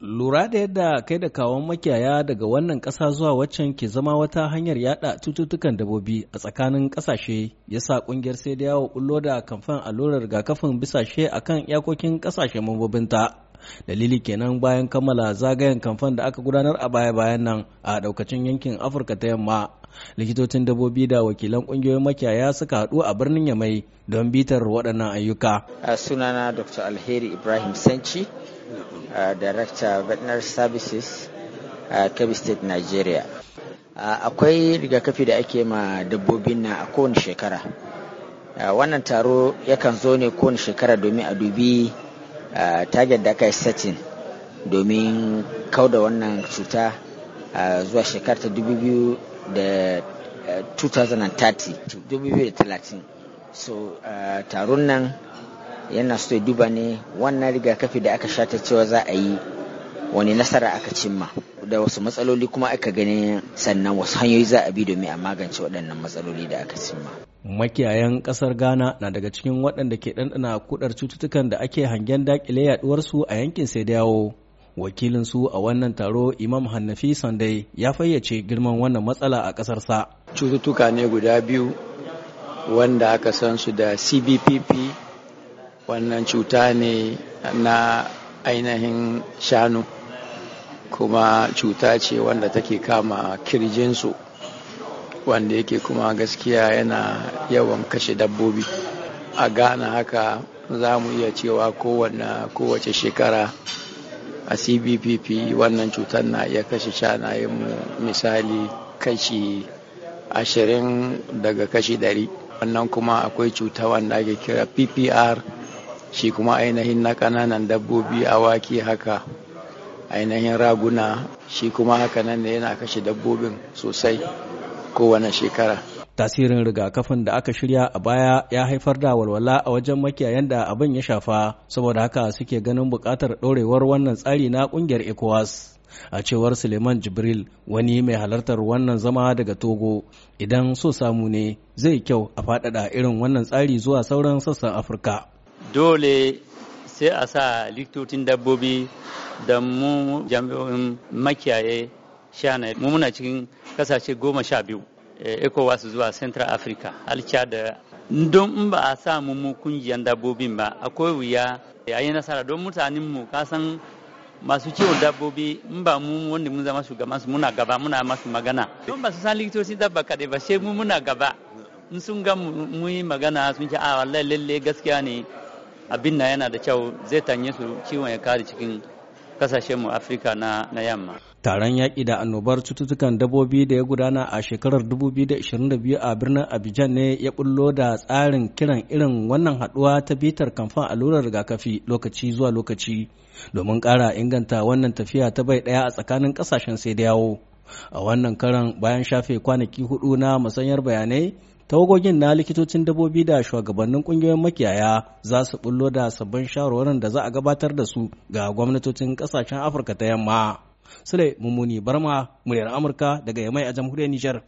Lura da yadda kai da kawon makiyaya daga wannan ƙasa zuwa waccan ke zama wata hanyar yada cututtukan dabobi a tsakanin ƙasashe ya sa ƙungiyar sai da yawo bullo da kamfan allurar rigakafin bisashe a kan iyakokin ƙasashe mambobinta. dalili kenan bayan kammala zagayen kamfan da aka gudanar a baya-bayan nan a daukacin yankin afirka ta yamma likitocin dabbobi da wakilan kungiyoyin makiyaya suka haɗu a birnin yamai don bitar waɗannan ayyuka sunana dr alheri ibrahim sanci director veterinary services kebbi state nigeria akwai rigakafi da ake ma dabbobin na a kowane shekara wannan taro yakan zo ne kowane shekara domin a dubi target da aka yi setting domin kauda wannan cuta zuwa shekara ta 2030 so taron nan yana so ya duba ne wannan rigakafi da aka sha ta cewa za a yi wani nasara aka cimma. da wasu matsaloli kuma aka gani sannan wasu hanyoyi za a bi domin a magance waɗannan matsaloli da aka cimma. makiyayan ƙasar ghana na daga cikin waɗanda ke ɗanɗana kudar cututtukan da ake hangen dakile yaɗuwarsu a yankin sai dawo wakilin su a wannan taro imam hannafi sandai ya fayyace girman wannan matsala a ƙasarsa cututtuka ne guda biyu wanda aka san su da cbpp wannan cuta ne na ainihin shanu kuma cuta ce wanda take kama kirjinsu wanda yake kuma gaskiya yana yawan kashe dabbobi a ghana haka za mu iya cewa kowace shekara a cbpp wannan cutar na iya kashe shanayen misali kashi ashirin daga kashi dari wannan kuma akwai cuta wanda ake kira ppr shi kuma ainihin na kananan dabbobi a awaki haka ainihin raguna shi kuma haka nan ne yana kashe dabbobin sosai kowane shekara tasirin rigakafin da aka shirya a baya ya haifar da walwala a wajen makiyayan da abin ya shafa saboda haka suke ganin buƙatar ɗorewar wannan tsari na ƙungiyar ecowas a cewar suleiman jibril wani mai halartar wannan zama daga togo idan so samu ne zai kyau a faɗaɗa irin wannan tsari zuwa sauran sassan afirka dole sai a sa likitocin dabbobi da mu jami'o'in makiyaye shanaye mu muna cikin kasashe goma sha biyu eh, ecowas zuwa central africa alca da don in ba a sa mu mu kungiyan dabbobin ba akwai wuya a yi nasara don mutanen mu kasan masu ciwon dabbobi in ba mu wanda mun zama shugaban su muna gaba muna masu magana don ba su san likitoci dabba kaɗai ba sai mu muna gaba in sun ga mu yi magana sun ce a ah, wallahi lalle gaskiya ne abin na yana da kyau zai tanye su ciwon ya kare cikin kasashen mu Afirka na, na yamma. Taron yaƙi da annobar cututtukan dabobi da ya gudana a shekarar 2022 a birnin Abidjan ne ya bullo da tsarin kiran irin wannan haɗuwa ta bitar kamfan allurar rigakafi lokaci zuwa lokaci domin ƙara inganta wannan tafiya ta bai ɗaya a tsakanin ƙasashen sai da yawo. a wannan karan bayan shafe kwanaki hudu na masanyar bayanai tawagogin na likitocin dabbobi da shugabannin kungiyoyin makiyaya za su bullo da sabbin shawarwarin da za a gabatar da su ga gwamnatocin kasashen afirka ta yamma sule mummuni barma muryar amurka daga yamai a jamhuriyar nijar